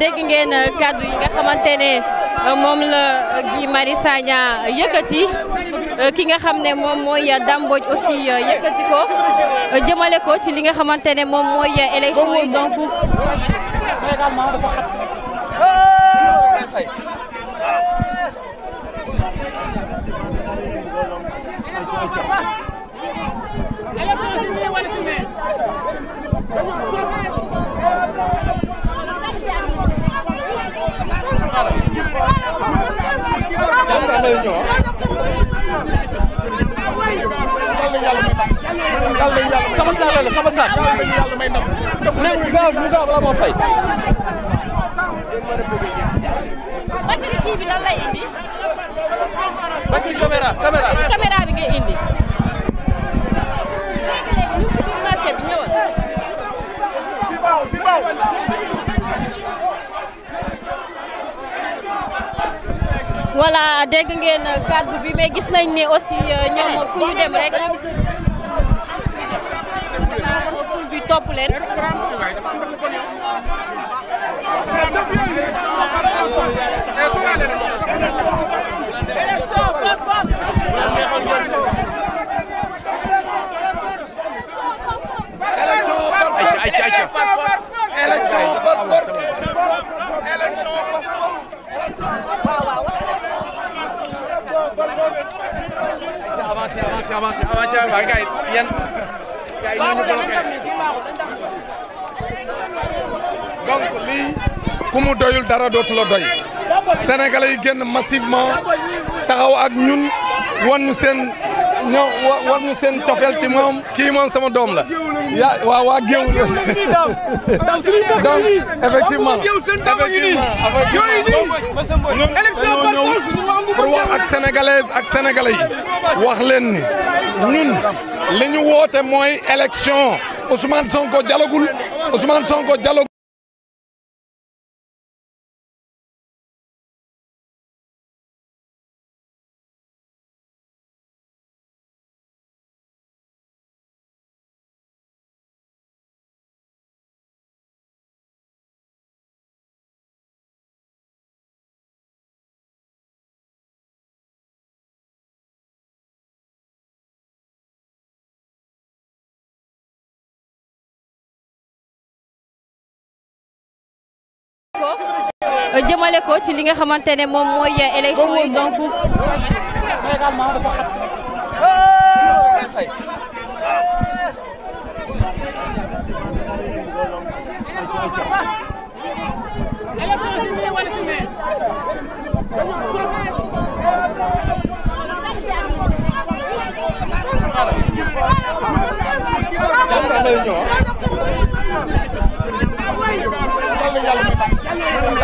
dégg ngeen euh, kàddu yi nga xamante ne euh, moom la euh, Guy Marius Sagna yëkkati ki nga xam ne moom mooy Dame Mbodji aussi yëkkati ko jëmale ko ci li nga xamante ne moom mooy élection yi donc. sama saar la sama saar ne mu gaaw mu gaaw la moo fay. kii bi lan lay indi. voilà dégg ngeen kàddu bi mais gis nañ ne aussi euh, ñoom fu ñu dem rek ful bi topp leen. avancé avancé avancé avancé waaw lii ku doyul dara dootu la doy sénégalais yi génn massivement taxaw ak ñun wan ñu ñoo war ñu seen cofeel ci moom kii moom sama doom la ya waaw waa géew la effectivement effectivement ñun pour wax ak sénégalaise ak sénégalais yi wax leen ni ñun li ñu woote mooy élection Ousmane Sonko dialogul Ousmane Sonko dialogul ko euh, jëmale ko ci li nga xamante ne moom mooy élection yi donc. élection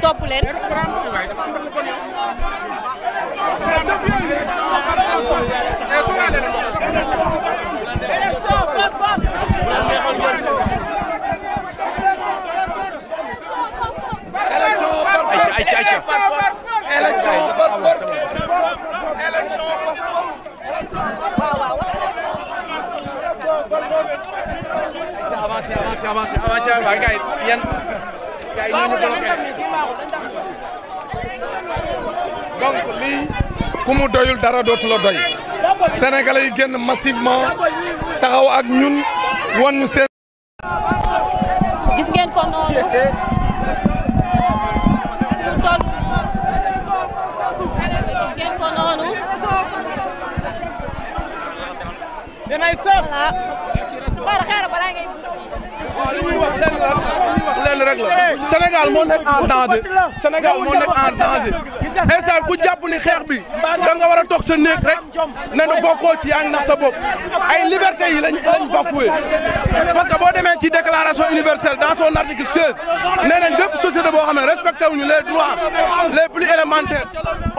topp leen. avancé avancé avancé avancé waaye gars yi yan gars yi ñu ngi bloqué lii ku mu doyul dara dootu la doy sénégalais yi génn massivement taxaw ak ñun wan ñu seen gis Sénégal moo nekk en danger instant ku jàpp ni xeex bi da nga war a toog sa néeg rek ne na bokkoo ci yaa ngi nax sa bopp ay liberté yi lañ lañ bafoué parce que boo demee ci déclaration universelle dans son article 16 nee nañ bépp boo xam ne respecté wuñu les droits les plus élémentaires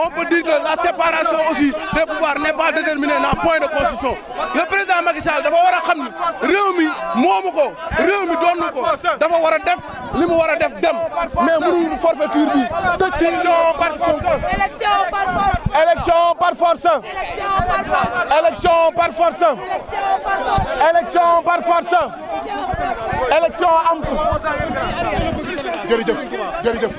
on peut dire la séparation aussi des pouvoirs n'est pas déterminée dans point de constitution le président Macky Sall dafa war a xam ni réew mi moomu ko réew mi doonu ko dafa war a def li mu war a def dem mais mënul forfaiture bi élection par force. élection par force. élection am. jërëjëf jërëjëf.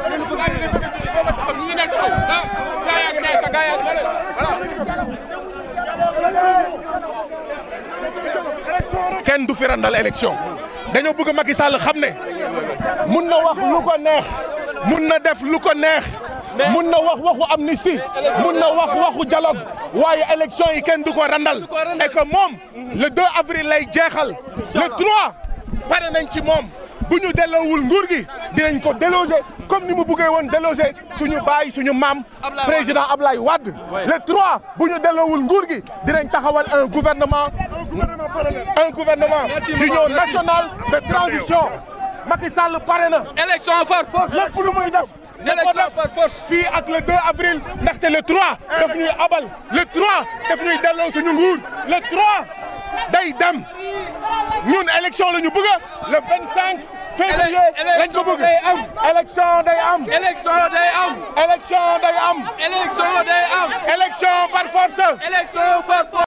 kenn du fi randal élection dañoo bëgg Macky xam ne mun na wax lu ko neex mun na def lu ko neex. mun na wax waxu amnistie mun na wax waxu dialogue waaye élection yi kenn du ko randal et que moom le 2 avril lay jeexal le 3 pare nañ ci moom bu ñu delloowul nguur gi dinañ ko déloger comme ni mu buggee woon déloger suñu baay suñu maam président Ablaye Wade le 3 bu ñu delloowul nguur gi dinañ taxawal un gouvernement un gouvernement d'union nationale de transition Macky pare na élection forte lépp fii ak le 2 avril ndaxte le 3 daf ñuy abal le 3 daf ñuy delloo suñu nguur le 3 day dem ñun élection la ñu le 25 février lañ ko bëgg élection day am élection day am élection day am élection day am